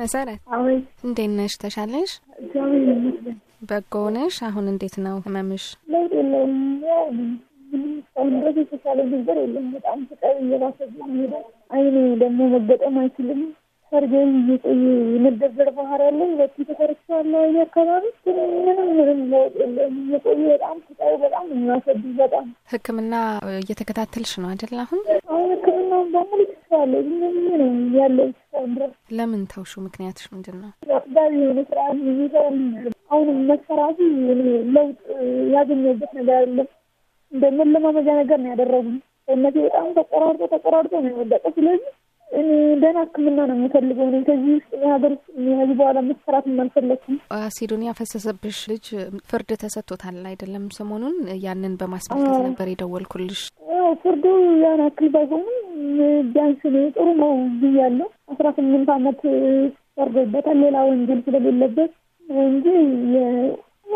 መሰረት እንዴት ነሽ? ተሻለሽ? በጎ ነሽ? አሁን እንዴት ነው ህመምሽ? ለውጥ የለውም። የተሻለ ነገር የለም። በጣም ፍቃድ እየባሰብኝ ሄዳል። አይኔ ደግሞ መገጠም አይችልም። ሰርግ የመደበር ባህር ያለን ሁለቱ ተሰርቻዋና ወይኔ አካባቢ ምንም ምንም ለውጥ የለም። የቆዩ በጣም ስቃዩ በጣም የሚያሰዱ በጣም ሕክምና እየተከታተልሽ ነው አይደል? አሁን አሁን ሕክምናውን በሙሉ ትችላለ ምንም ያለው እስካሁን ድረስ። ለምን ተውሹ? ምክንያትሽ ምንድን ነው? አቅዳቢ የሆነ ስርአት ብዙ አሁንም መሰራቱ ለውጥ ያገኘበት ነገር አለም እንደምን ለማመጃ ነገር ነው ያደረጉ ሰውነቴ በጣም ተቆራርጦ ተቆራርጦ ነው የወደቀ ስለዚህ እኔ ደህና ሕክምና ነው የምፈልገው። እኔ ከዚህ ውስጥ ሀገር ውስጥ ከዚህ በኋላ መሰራት አልፈለግኩም። አሲዱን ያፈሰሰብሽ ልጅ ፍርድ ተሰጥቶታል አይደለም? ሰሞኑን ያንን በማስመልከት ነበር የደወልኩልሽ። ፍርዱ ያን አክል ባይሆንም ቢያንስ ጥሩ ነው ብያለሁ። አስራ ስምንት አመት ፈርዶበታል ሌላ ወንጀል ስለሌለበት እንጂ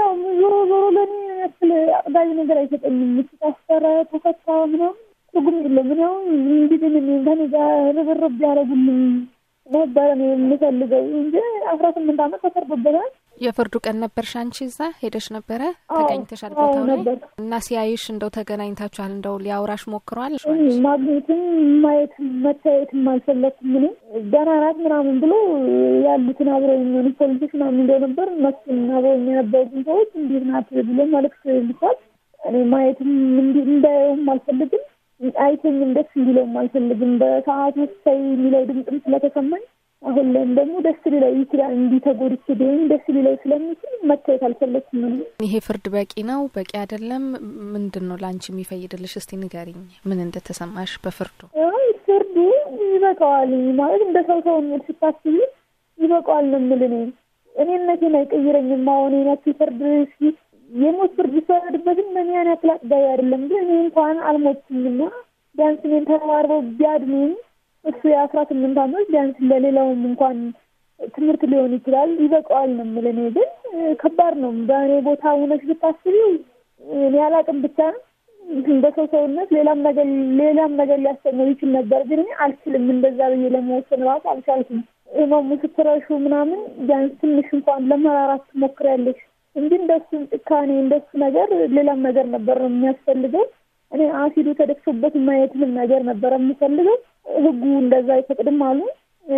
ያው ዞሮ ዞሮ ለእኔ ያክል አቅዳጅ ነገር አይሰጠኝም። ታሰረ፣ ተፈታ ምናምን ከኔ ጋር ርብርብ ቢያደርጉልኝ ነበረ የምፈልገው እንጂ አስራ ስምንት አመት ተፈርዶበታል። የፍርዱ ቀን ነበር ሻንቺ እዛ ሄደሽ ነበረ ተገኝተሻል ቦታው እና ሲያይሽ እንደው ተገናኝታችኋል? እንደው ሊያውራሽ ሞክሯል? ማግኘትም ማየት መታየትም አልፈለኩም። ምን ገና ናት ምናምን ብሎ ያሉትን አብረ የሚሆኑ ፖሊሶች ምናምን እንደው ነበር መስን አብረ የሚያነበሩትን ሰዎች እንዴት ናት ብሎ መልዕክት ልኳል። እኔ ማየትም እንዳየውም አልፈልግም አይተኝም፣ ደስ እንዲለውም አልፈልግም። በሰዓቱ ሳይ የሚለው ድምፅም ስለተሰማኝ አሁን ላይም ደግሞ ደስ ሊለው ይችላል። እንዲህ ተጎድቼ ቢሆን ደስ ሊለው ስለሚችል መታየት አልፈለግም። ይሄ ፍርድ በቂ ነው በቂ አይደለም ምንድን ነው ለአንቺ የሚፈይድልሽ? እስቲ ንገሪኝ፣ ምን እንደተሰማሽ በፍርዱ። ፍርዱ ይበቃዋል ማለት እንደ ሰው ሰው የሚል ስታስብ ይበቃዋል ነው የምልህ። እኔነቴን አይቀይረኝም። አሁን ናቸው ፍርድ ሲ የሞት ፍርድ ይፈረድበትም በእኔ ያክላት ያክል አይደለም። ግን እኔ እንኳን አልሞትኝና ቢያንስ እኔን ተረባርበው ቢያድኑኝ እሱ የአስራ ስምንት አመት ቢያንስ ለሌላውም እንኳን ትምህርት ሊሆን ይችላል ይበቃዋል ነው የምልህ። እኔ ግን ከባድ ነው። በእኔ ቦታ ሆነሽ ብታስቢው እኔ አላቅም ብቻ በሰው ሰውነት ሌላም ነገር ሌላም ነገር ሊያሰኘው ይችል ነበር። ግን እኔ አልችልም እንደዛ ብዬ ለመወሰን ራሱ አልቻልኩም። እማ ምስክረሹ ምናምን ቢያንስ ትንሽ እንኳን ለመራራት ትሞክሪያለሽ እንጂ እንደሱ ጭካኔ እንደሱ ነገር ሌላም ነገር ነበር ነው የሚያስፈልገው። እኔ አሲዱ ተደፍቶበት ማየትም ነገር ነበር የምፈልገው። ህጉ እንደዛ አይፈቅድም አሉ።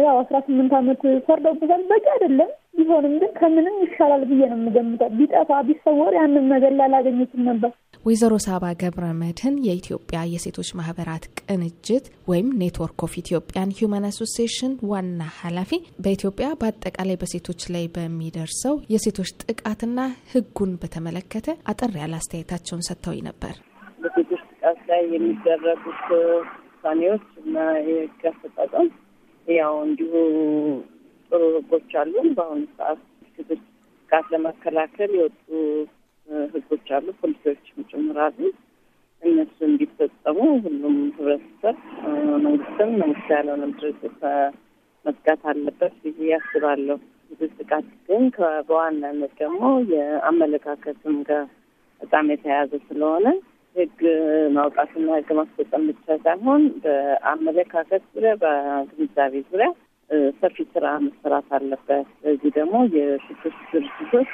ያው አስራ ስምንት ዓመት ፈርዶበታል። በቂ አይደለም ቢሆንም ግን ከምንም ይሻላል ብዬ ነው የምገምተው። ቢጠፋ ቢሰወር ያንን ነገር ላላገኘችም ነበር። ወይዘሮ ሳባ ገብረ መድህን የኢትዮጵያ የሴቶች ማህበራት ቅንጅት ወይም ኔትወርክ ኦፍ ኢትዮጵያን ሁማን አሶሲሽን ዋና ኃላፊ፣ በኢትዮጵያ በአጠቃላይ በሴቶች ላይ በሚደርሰው የሴቶች ጥቃትና ህጉን በተመለከተ አጠር ያለ አስተያየታቸውን ሰጥተው ነበር። በሴቶች ጥቃት ላይ የሚደረጉት ውሳኔዎች እና የህግ አፈጻጸም ያው እንዲሁ ጥሩ ህጎች አሉ። በአሁኑ ሰዓት ሴቶች ጥቃት ለመከላከል የወጡ ህጎች አሉ፣ ፖሊሲዎችም ጭምራሉ። እነሱ እንዲፈጸሙ ሁሉም ህብረተሰብ፣ መንግስትም፣ መንግስት ያለውንም ድርጅት መዝጋት አለበት ብዬ ያስባለሁ። ብዙ ጥቃት ግን በዋናነት ደግሞ የአመለካከትም ጋር በጣም የተያያዘ ስለሆነ ህግ ማውጣትና ህግ ማስፈጸም ብቻ ሳይሆን በአመለካከት ዙሪያ በግንዛቤ ዙሪያ ሰፊ ስራ መሰራት አለበት። እዚህ ደግሞ የሽብር ድርጅቶች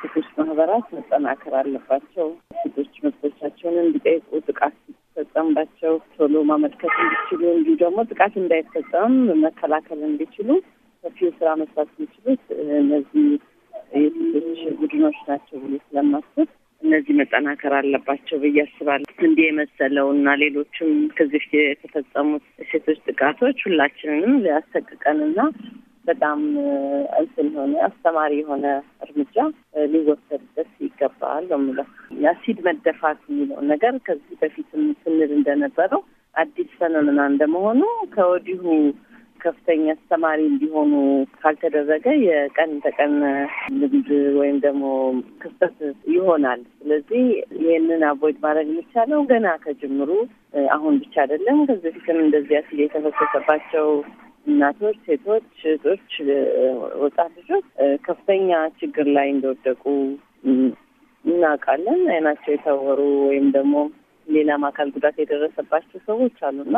ሴቶች ማህበራት መጠናከር አለባቸው። ሴቶች መብቶቻቸውን እንዲጠይቁ ጥቃት ሲፈጸምባቸው ቶሎ ማመልከት እንዲችሉ፣ እንዲሁ ደግሞ ጥቃት እንዳይፈጸምም መከላከል እንዲችሉ ሰፊው ስራ መስራት የሚችሉት እነዚህ የሴቶች ቡድኖች ናቸው ብሎ ስለማስብ እነዚህ መጠናከር አለባቸው ብዬ አስባለሁ። እንዲህ የመሰለው እና ሌሎችም ከዚህ የተፈጸሙት ሴቶች ጥቃቶች ሁላችንንም ሊያሰቅቀንና በጣም እንትን የሆነ አስተማሪ የሆነ እርምጃ ሊወሰድበት ይገባል በምለው የአሲድ መደፋት የሚለውን ነገር ከዚህ በፊትም ስንል እንደነበረው አዲስ ፈኖምና እንደመሆኑ ከወዲሁ ከፍተኛ አስተማሪ እንዲሆኑ ካልተደረገ የቀን ተቀን ልምድ ወይም ደግሞ ክስተት ይሆናል። ስለዚህ ይህንን አቮይድ ማድረግ የሚቻለው ገና ከጅምሩ አሁን ብቻ አይደለም። ከዚህ በፊትም እንደዚህ አሲድ የተፈሰሰባቸው እናቶች፣ ሴቶች፣ እህቶች፣ ወጣት ልጆች ከፍተኛ ችግር ላይ እንደወደቁ እናውቃለን። አይናቸው የታወሩ ወይም ደግሞ ሌላም አካል ጉዳት የደረሰባቸው ሰዎች አሉና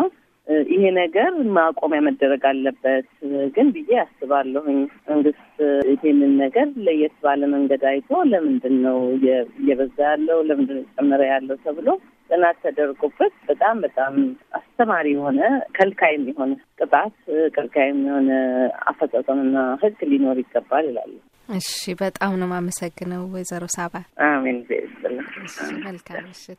ይሄ ነገር ማቆሚያ መደረግ አለበት ግን ብዬ አስባለሁኝ። መንግስት ይሄንን ነገር ለየት ባለ መንገድ አይቶ ለምንድን ነው እየበዛ ያለው ለምንድን ነው እየጨመረ ያለው ተብሎ ጥናት ተደርጎበት በጣም በጣም አስተማሪ የሆነ ከልካይም የሆነ ቅጣት ከልካይም የሆነ አፈጻጸምና ህግ ሊኖር ይገባል ይላሉ። እሺ፣ በጣም ነው የማመሰግነው ወይዘሮ ሳባ። አሜን። መልካም